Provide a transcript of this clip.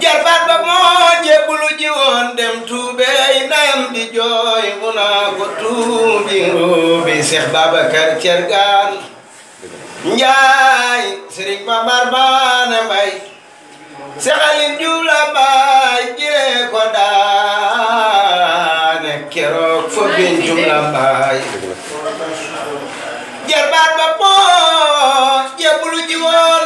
jarbaat ba moo jébbalu ji woon dem tuubey ndayam di jooy mu naa ko tuubi ruubi Cheikh Babacar Thiergane Njaay Sëriñ Mamar Baana Mbay Cheikh Aline Diouf la baay jire ko daane keroog fo bincum la baay jarbaat ba moo jébbalu ji woon